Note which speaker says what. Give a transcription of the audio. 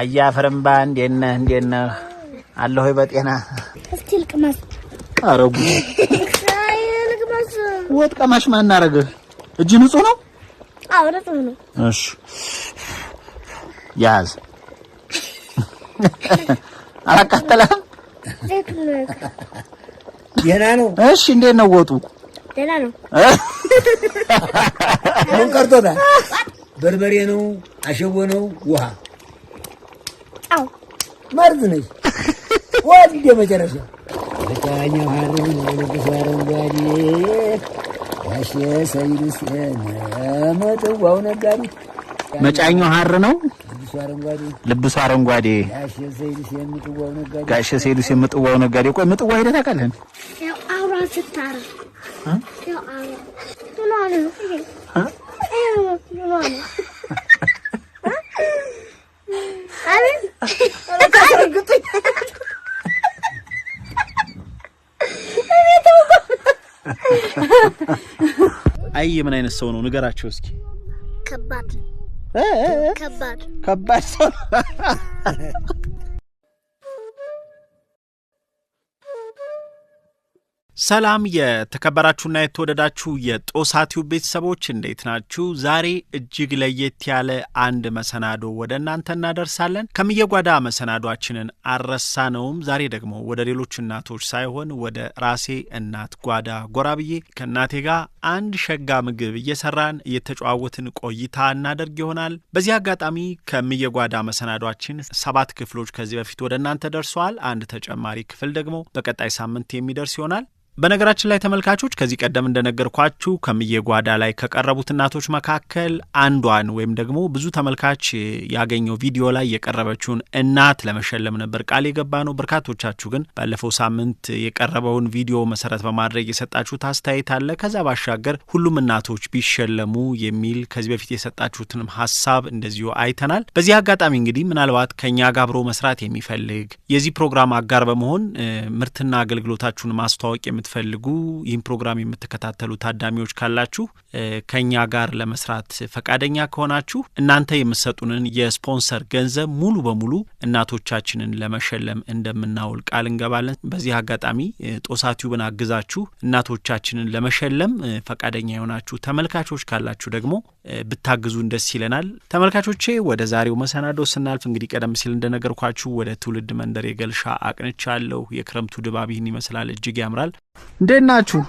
Speaker 1: አያፍርምባ ባንድ የነ እንደነ አለ ሆይ በጤና
Speaker 2: እስቲ ልቅመስ።
Speaker 1: አረጉ ወጥ ቀማሽ ማን አደረገህ? እጅ ንጹህ ነው? አዎ ንጹህ ነው። እሺ ያዝ። አላቃጠለህም? ደህና ነው። እሺ እንዴት ነው ወጡ? ደህና ነው። ቀርቶታል። በርበሬ ነው፣ አሸወ ነው፣ ውሃ መርዝ ነሽ ወል እንደ መጨረሻ በቃኛው ሀርብን አረንጓዴ ጋሼ ሰይድስ መጥዋው ነጋዴ መጫኛው ሀር ነው ልብሱ አረንጓዴ ጋሼ ሰይዱስ የምጥዋው ነጋዴ። ቆይ ምጥዋ ሄደህ ታውቃለህ? አይ የምን አይነት ሰው ነው ንገራቸው እስኪ።
Speaker 2: ከባድ ከባድ
Speaker 1: ከባድ ሰው
Speaker 3: ሰላም የተከበራችሁና የተወደዳችሁ የጦሳቲው ቤተሰቦች እንዴት ናችሁ? ዛሬ እጅግ ለየት ያለ አንድ መሰናዶ ወደ እናንተ እናደርሳለን። ከምየጓዳ መሰናዷችንን ነውም ዛሬ ደግሞ ወደ ሌሎች እናቶች ሳይሆን ወደ ራሴ እናት ጓዳ ጎራ ብዬ ከእናቴ ጋር አንድ ሸጋ ምግብ እየሰራን እየተጨዋወትን ቆይታ እናደርግ ይሆናል። በዚህ አጋጣሚ ከምየጓዳ መሰናዷችን ሰባት ክፍሎች ከዚህ በፊት ወደ እናንተ ደርሰዋል። አንድ ተጨማሪ ክፍል ደግሞ በቀጣይ ሳምንት የሚደርስ ይሆናል። በነገራችን ላይ ተመልካቾች ከዚህ ቀደም እንደነገርኳችሁ ከምዬ ጓዳ ላይ ከቀረቡት እናቶች መካከል አንዷን ወይም ደግሞ ብዙ ተመልካች ያገኘው ቪዲዮ ላይ የቀረበችውን እናት ለመሸለም ነበር ቃል የገባ ነው። በርካቶቻችሁ ግን ባለፈው ሳምንት የቀረበውን ቪዲዮ መሰረት በማድረግ የሰጣችሁት አስተያየት አለ። ከዛ ባሻገር ሁሉም እናቶች ቢሸለሙ የሚል ከዚህ በፊት የሰጣችሁትንም ሀሳብ እንደዚሁ አይተናል። በዚህ አጋጣሚ እንግዲህ ምናልባት ከእኛ ጋር አብሮ መስራት የሚፈልግ የዚህ ፕሮግራም አጋር በመሆን ምርትና አገልግሎታችሁን ማስተዋወቅ የምት የምትፈልጉ ይህን ፕሮግራም የምትከታተሉ ታዳሚዎች ካላችሁ ከእኛ ጋር ለመስራት ፈቃደኛ ከሆናችሁ እናንተ የምትሰጡንን የስፖንሰር ገንዘብ ሙሉ በሙሉ እናቶቻችንን ለመሸለም እንደምናውል ቃል እንገባለን። በዚህ አጋጣሚ ጦሳ ቲዩብን አግዛችሁ እናቶቻችንን ለመሸለም ፈቃደኛ የሆናችሁ ተመልካቾች ካላችሁ ደግሞ ብታግዙን ደስ ይለናል። ተመልካቾቼ ወደ ዛሬው መሰናዶ ስናልፍ እንግዲህ ቀደም ሲል እንደነገርኳችሁ ወደ ትውልድ መንደር የገልሻ አቅንቻ አለሁ። የክረምቱ ድባብ ይህን ይመስላል፣ እጅግ ያምራል።
Speaker 1: እንዴት ናችሁ?